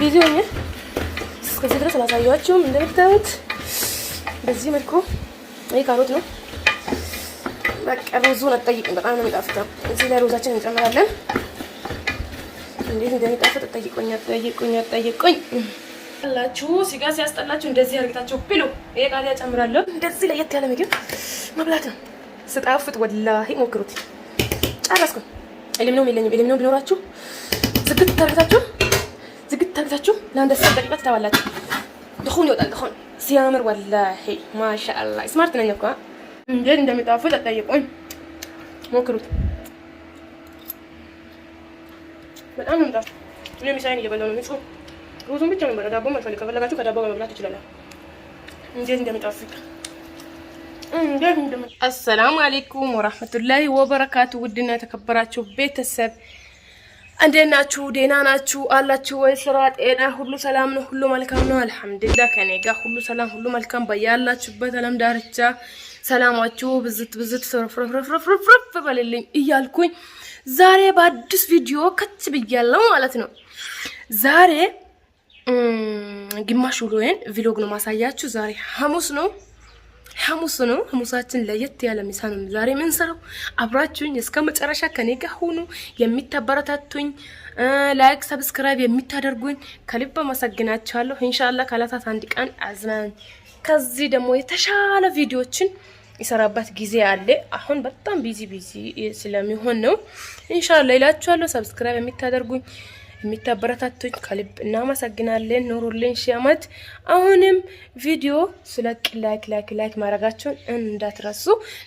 ቢዚ ሆኜ እስከዚህ ድረስ አላሳየኋችሁም። እንደምታዩት በዚህ መልኩ ይህ ካሮት ነው። በቃ ሩዙን አትጠይቅም። በጣም ነው የሚጣፍጠው። እዚህ ላይ ሩዛችን እንጨምራለን። እንዴት እንደሚጣፍጥ ጠይቆኝ ጠይቆኝ ጠይቆኝ አላችሁ። ሲጋ ሲያስጠላችሁ እንደዚህ አርግታችሁ ብሉ። ይሄ ቃሪያ ጨምራለሁ። እንደዚህ ለየት ያለ ምግብ መብላት ነው። ስጣፍጥ ወላሂ ሞክሩት። ጨረስኩ። ኢልም የለኝም። ኢልም ቢኖራችሁ ዝግት ታርጋችሁ ዝግት ታርጋችሁ ለአንድ አስር ደቂቃ ትተዋላችሁ። ድኹን ይወጣል። ድኹን ሲያምር ወላሂ ማሻአላ። ስማርት ነኝ እኮ እንዴት እንደሚጣፍጥ አትጠይቁኝ። ሞክሩት። በጣም ነው የምጣፍ። እኔ ምሳዬን እየበላሁ ነው። ንጹህ ሩዙን ብቻ ነው የምበላው። ዳቦ አልፈልግም። ከፈለጋችሁ ከዳቦ መብላት ትችላላችሁ። እንዴት እንደሚጣፍጥ አሰላሙ አሌይኩም ወራህመቱላሂ ወበረካቱ። ውድና የተከበራችሁ ቤተሰብ እንዴት ናችሁ? ደህና ናችሁ አላችሁ ወይ? ስራ፣ ጤና ሁሉ ሰላም ነው? ሁሉ መልካም ነው? አልሐምዱሊላህ ከኔ ጋር ሁሉ ሰላም፣ ሁሉ መልካም። በያላችሁበት አለም ዳርቻ ሰላማችሁ ብዝት ብዝት ፍርፍርፍርፍርፍ በልልኝ እያልኩኝ ዛሬ በአዲስ ቪዲዮ ከች ብያለሁ ማለት ነው። ዛሬ ግማሽ ውሎዬን ቪሎግ ነው ማሳያችሁ። ዛሬ ሐሙስ ነው። ሐሙስ ነው። ሐሙሳችን ለየት ያለ ሚሳ ነው ዛሬ የምንሰራው። አብራችሁኝ እስከ መጨረሻ ከኔ ጋር ሆኑ። የሚታበረታቱኝ ላይክ፣ ሰብስክራይብ የሚታደርጉኝ ከልብ አመሰግናችኋለሁ። ኢንሻአላህ ካላታት አንድ ቀን አዝናኝ ከዚህ ደግሞ የተሻለ ቪዲዮችን ይሰራበት ጊዜ አለ። አሁን በጣም ቢዚ ቢዚ ስለሚሆን ነው። ኢንሻአላህ ይላችኋለሁ። ሰብስክራይብ የሚታደርጉኝ የሚታበረታቱኝ ከልብ እናመሰግናለን። ኑሩልን ሺህ አሁንም ቪዲዮ ስለቅ ላይክ ላይክ ላይክ ማድረጋቸውን እንዳትረሱ።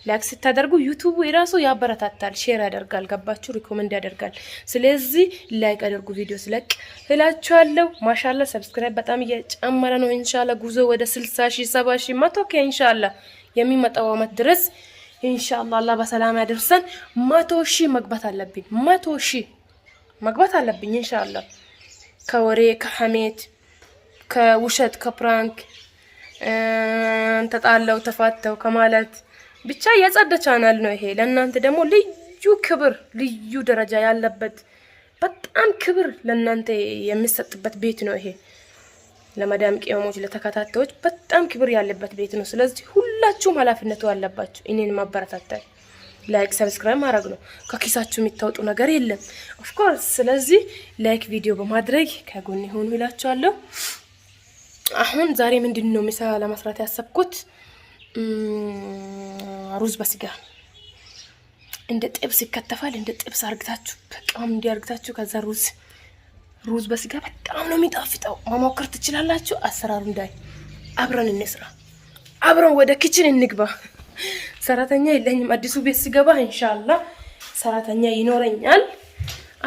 ላይክ ስታደርጉ ዩቱቡ የራሱ ያበረታታል፣ ሼር ያደርጋል፣ ገባችሁ ሪኮመንድ ያደርጋል። ስለዚህ ላይክ አድርጉ ቪዲዮ ስለቅ እላችኋለሁ። ማሻላ ሰብስክራይብ በጣም እየጨመረ ነው። ኢንሻላ ጉዞ ወደ ስልሳ ሺህ ሰባ ሺህ መቶ ኬ ኢንሻላ የሚመጣው አመት ድረስ ኢንሻአላህ አላህ በሰላም ያደርሰን። መቶ ሺህ መግባት አለብኝ። መቶ ሺህ መግባት አለብኝ እንሻላ ከወሬ ከሐሜት ከውሸት ከፕራንክ ተጣለው ተፋተው ከማለት ብቻ የጸዳ ቻናል ነው ይሄ። ለእናንተ ደግሞ ልዩ ክብር ልዩ ደረጃ ያለበት በጣም ክብር ለእናንተ የሚሰጥበት ቤት ነው ይሄ። ለመዳም ቅመሞች ለተከታታዮች በጣም ክብር ያለበት ቤት ነው። ስለዚህ ሁላችሁም ኃላፊነቱ አለባችሁ እኔን ማበረታታት ላይክ ሰብስክራይብ ማድረግ ነው። ከኪሳችሁ የሚታወጡ ነገር የለም ኦፍኮርስ። ስለዚህ ላይክ ቪዲዮ በማድረግ ከጎን ሆኑ ይላችኋለሁ። አሁን ዛሬ ምንድን ነው ምሳ ለመስራት ያሰብኩት ሩዝ በስጋ እንደ ጥብስ ይከተፋል። እንደ ጥብስ አርግታችሁ በጣም እንዲያርግታችሁ ከዛ ሩዝ ሩዝ በስጋ በጣም ነው የሚጣፍጠው። መሞከር ትችላላችሁ። አሰራሩ እንዳይ አብረን እንስራ፣ አብረን ወደ ኪችን እንግባ። ሰራተኛ የለኝም። አዲሱ ቤት ሲገባ እንሻላ ሰራተኛ ይኖረኛል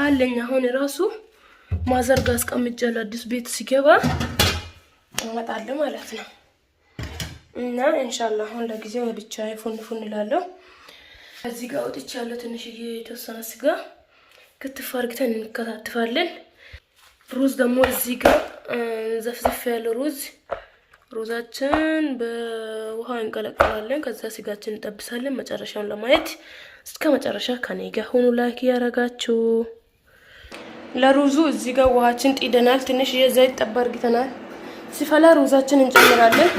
አለኝ። አሁን ራሱ ማዘርጋ አስቀምጫለሁ። አዲሱ ቤት ሲገባ እመጣለሁ ማለት ነው እና እንሻላ አሁን ለጊዜው ብቻ ፉን ፉን እላለሁ። እዚህ ጋር ወጥቼ ያለው ትንሽዬ የተወሰነ ስጋ ክትፍ አርግተን እንከታትፋለን። ሩዝ ደግሞ እዚህ ጋር ዘፍዘፍ ያለ ሩዝ ሩዛችን በውሃ እንቀለቀላለን። ከዛ ስጋችን እንጠብሳለን። መጨረሻውን ለማየት እስከ መጨረሻ ከኔ ጋር ሆኑ። ላይክ ያረጋችሁ ለሩዙ እዚህ ጋር ውሃችን ጢደናል። ትንሽ የዘይት ጠባ አርግተናል። ሲፈላ ሩዛችን እንጨምራለን።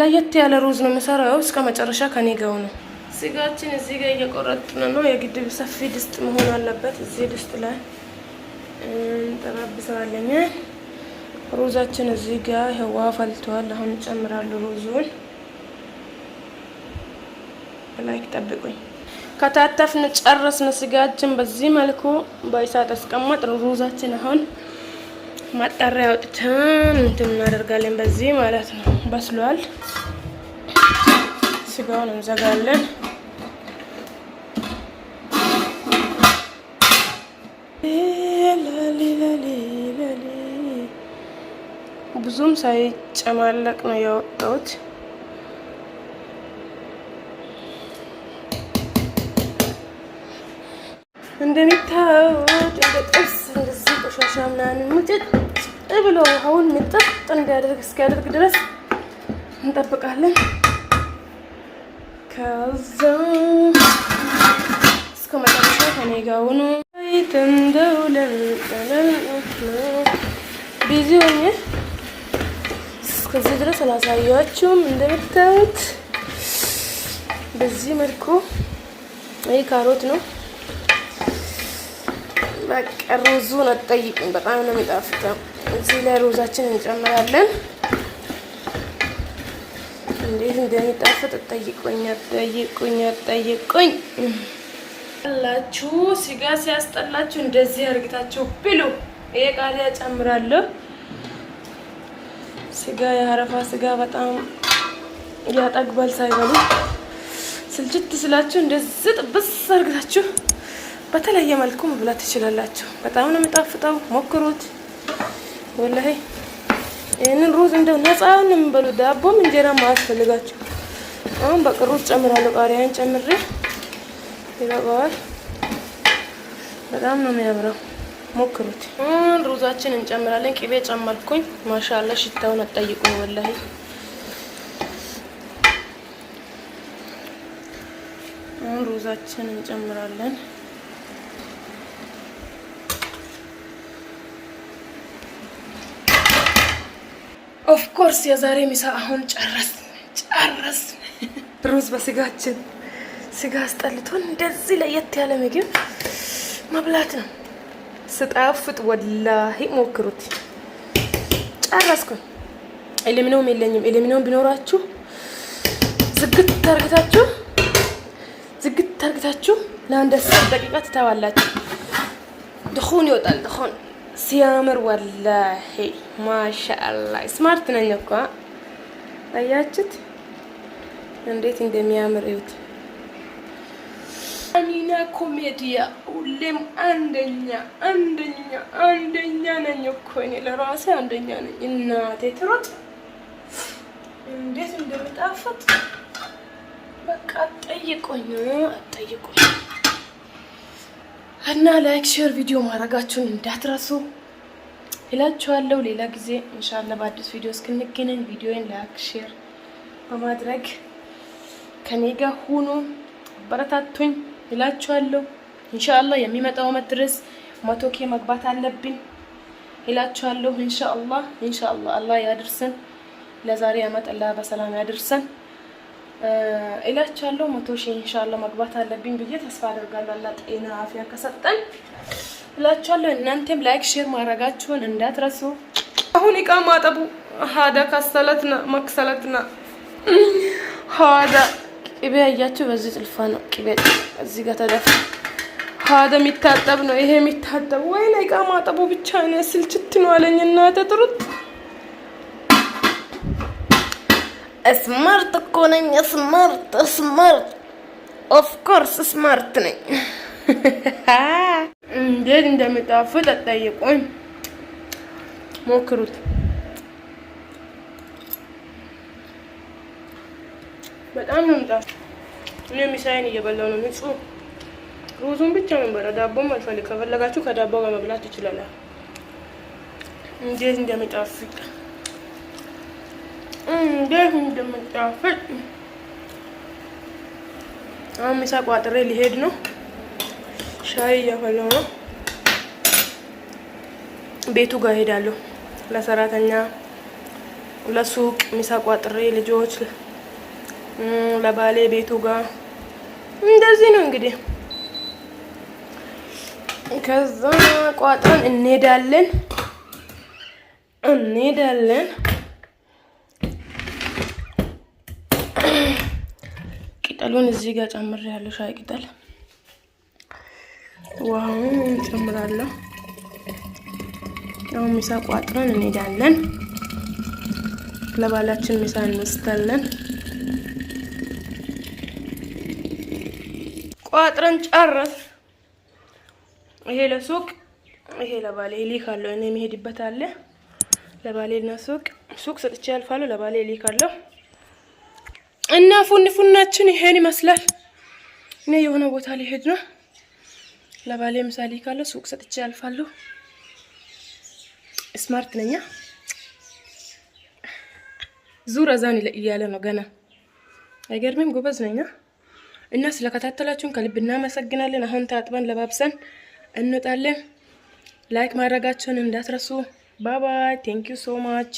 ለየት ያለ ሩዝ ነው የምሰራው። እስከ መጨረሻ ከኔ ጋር ሆኑ። ስጋችን እዚህ ጋር እየቆረጥን ነው። የግድብ ሰፊ ድስት መሆን አለበት። እዚህ ድስት ላይ እንጠባብሰዋለን። ሩዛችን እዚህ ጋር ህዋ ፈልቷል። አሁን ጨምራሉ ሩዙን ላይክ ጠብቁኝ። ከታተፍን ጨረስን። ስጋችን በዚህ መልኩ በእሳት አስቀመጥ። ሩዛችን አሁን ማጣሪያ አውጥተን እንትን እናደርጋለን። በዚህ ማለት ነው። በስሏል። ስጋውን እንዘጋለን። ብዙም ሳይጨማለቅ ነው ያወጣሁት። እንደሚታወቅ እንደ ጥብስ እንደዚህ ቆሻሻ ምናምን ሙጭጭ ብሎ ውሃውን ምጥጥ እንዲያደርግ እስኪያደርግ ድረስ እንጠብቃለን። ከዛ እስከ መጨረሻ ከኔ ጋር ሁኑ። ቢዚ ሆኜ እስከዚህ ድረስ አላሳያችሁም። እንደምታዩት በዚህ መልኩ ይህ ካሮት ነው። በቃ ሩዙን አትጠይቁኝ፣ በጣም ነው የሚጣፍጠው። እዚህ ላይ ሩዛችን እንጨምራለን። እንዴት እንደሚጣፍጥ አትጠይቁኝ፣ አትጠይቁኝ፣ አትጠይቁኝ አትጠይቁኝ ጠይቁኝ አላችሁ ስጋ ሲያስጠላችሁ እንደዚህ አርግታችሁ ብሉ። ይሄ ቃሪያ ጨምራለሁ። ስጋ የአረፋ ስጋ በጣም ያጠግባል። ሳይበሉ ስልችት ስላችሁ እንደዚህ ጥብስ አድርጋችሁ በተለያየ መልኩ መብላት ትችላላችሁ። በጣም ነው የሚጣፍጠው፣ ሞክሩት። ወላሂ ይህንን ሩዝ እንደው ነፃውን ነው የምንበሉት። ዳቦም እንጀራ ማያስፈልጋችሁ። አሁን በቅሩት ጨምራለሁ፣ ቃሪያን ጨምሬ ይበቃዋል። በጣም ነው የሚያምረው። ሞክሩት። አሁን ሩዛችን እንጨምራለን። ቅቤ ጨመርኩኝ። ማሻአላ ሽታውን አጠይቁኝ ወላሂ አሁን ሩዛችን እንጨምራለን። ኦፍ ኮርስ የዛሬ ምሳ አሁን ጨረስ ጨረስ። ሩዝ በስጋችን ስጋ አስጠልቶን እንደዚህ ለየት ያለ ምግብ መብላት ነው። ስጣፍጥ ወላሂ ሞክሩት። ጨረስኩኝ። ኤሌሚኒየም የለኝም። ኤሌሚኒየም ቢኖራችሁ ዝግት ታርግታችሁ ዝግት ታርግታችሁ ለአንድ አስር ደቂቃ ትተዋላችሁ። ድኹን ይወጣል። ድኹን ሲያምር ወላሂ ማሻአላ። ስማርት ነኝ እኮ አያችሁት እንዴት እንደሚያምር እዩት። አሚና ኮሜዲያ ሁሌም አንደኛ አንደኛ አንደኛ ነኝ እኮ እኔ ለራሴ አንደኛ ነኝ። እናቴ ትሮጥ እንዴት እንደሚጣፍጥ በቃ አትጠይቁኝ አትጠይቁኝ። እና ላይክ ሼር ቪዲዮ ማድረጋችሁን እንዳትረሱ እላችኋለሁ። ሌላ ጊዜ ኢንሻአላህ በአዲስ ቪዲዮ እስክንገናኝ ቪዲዮን ላይክ ሼር በማድረግ ከኔ ጋር ሁኑ፣ አበረታቱኝ። እላችኋለሁ። ኢንሻአላህ የሚመጣው ዓመት ድረስ መቶ ኬ መግባት አለብን እላችኋለሁ። ኢንሻአላህ ኢንሻአላህ አላህ ያድርሰን። ለዛሬ አመት አላህ በሰላም ያድርሰን እላችኋለሁ። መቶ ሺ ኢንሻአላህ መግባት አለብኝ ብዬ ተስፋ አደርጋለሁ። አላህ ጤና አፍያ ከሰጠን እላችኋለሁ። እናንተም ላይክ፣ ሼር ማድረጋችሁን እንዳትረሱ። አሁን እቃ ማጠቡ ሀዳ ካሰለትና መክሰለትና ሀዳ ቅቤ አያችሁ፣ በዚህ ጥልፋ ነው ቅቤ እዚህ ጋር ተደፋ። ሀደ የሚታጠብ ነው ይሄ የሚታጠብ ወይ ላይ ቃ ማጠቡ ብቻ እኔ ስልችት ነው አለኝ። እናቴ ጥሩት ስማርት እኮ ነኝ። ስማርት ስማርት ኦፍ ኮርስ ስማርት ነኝ። እንዴት እንደሚጣፍጥ አጠይቁኝ፣ ሞክሩት። በጣም ነው ምጣ እኔ ሚሳይን እየበላው ነው ንጹህ ሩዙን ብቻ ነበረ። ዳቦም አልፈልግ። ከፈለጋችሁ ከዳቦ ጋር መብላት ይችላል እንዴት እንደሚጣፍጥ እንዴት እንደሚጣፍጥ አሁን ሚሳ ቋጥሬ ሊሄድ ነው። ሻይ እያፈላው ነው። ቤቱ ጋር ሄዳለሁ። ለሰራተኛ ለሱቅ ሚሳ ቋጥሬ ልጆች ለባሌ ቤቱ ጋር እንደዚህ ነው እንግዲህ። ከዛ ቋጥረን እንሄዳለን እንሄዳለን ቅጠሉን እዚህ ጋር ጨምር ያለው ሻይ ቅጠል ውሃውን እንጨምራለሁ። አሁን ምሳ ቋጥረን እንሄዳለን። ለባላችን ምሳ እንወስዳለን። ቋጥረን ጨረስ። ይሄ ለሱቅ ይሄ ለባሌ እልካለሁ። እኔ የሚሄድበት አለ ለባሌ እና ሱቅ ሱቅ ሰጥቼ ያልፋለሁ። ለባሌ እልካለሁ እና ፉን ፉናችን ይሄን ይመስላል። እኔ የሆነ ቦታ ሊሄድ ነው። ለባሌ ምሳ እልካለሁ። ሱቅ ሰጥቼ ያልፋለሁ። ስማርት ነኛ። ዙር አዛን እያለ ነው ገና አይገርምም? ጎበዝ ነኛ። እና ስለከታተላችሁን ከልብ እናመሰግናለን። አሁን ታጥበን ለባብሰን እንወጣለን። ላይክ ማድረጋችሁን እንዳትረሱ። ባባይ ዩ ሶ ማች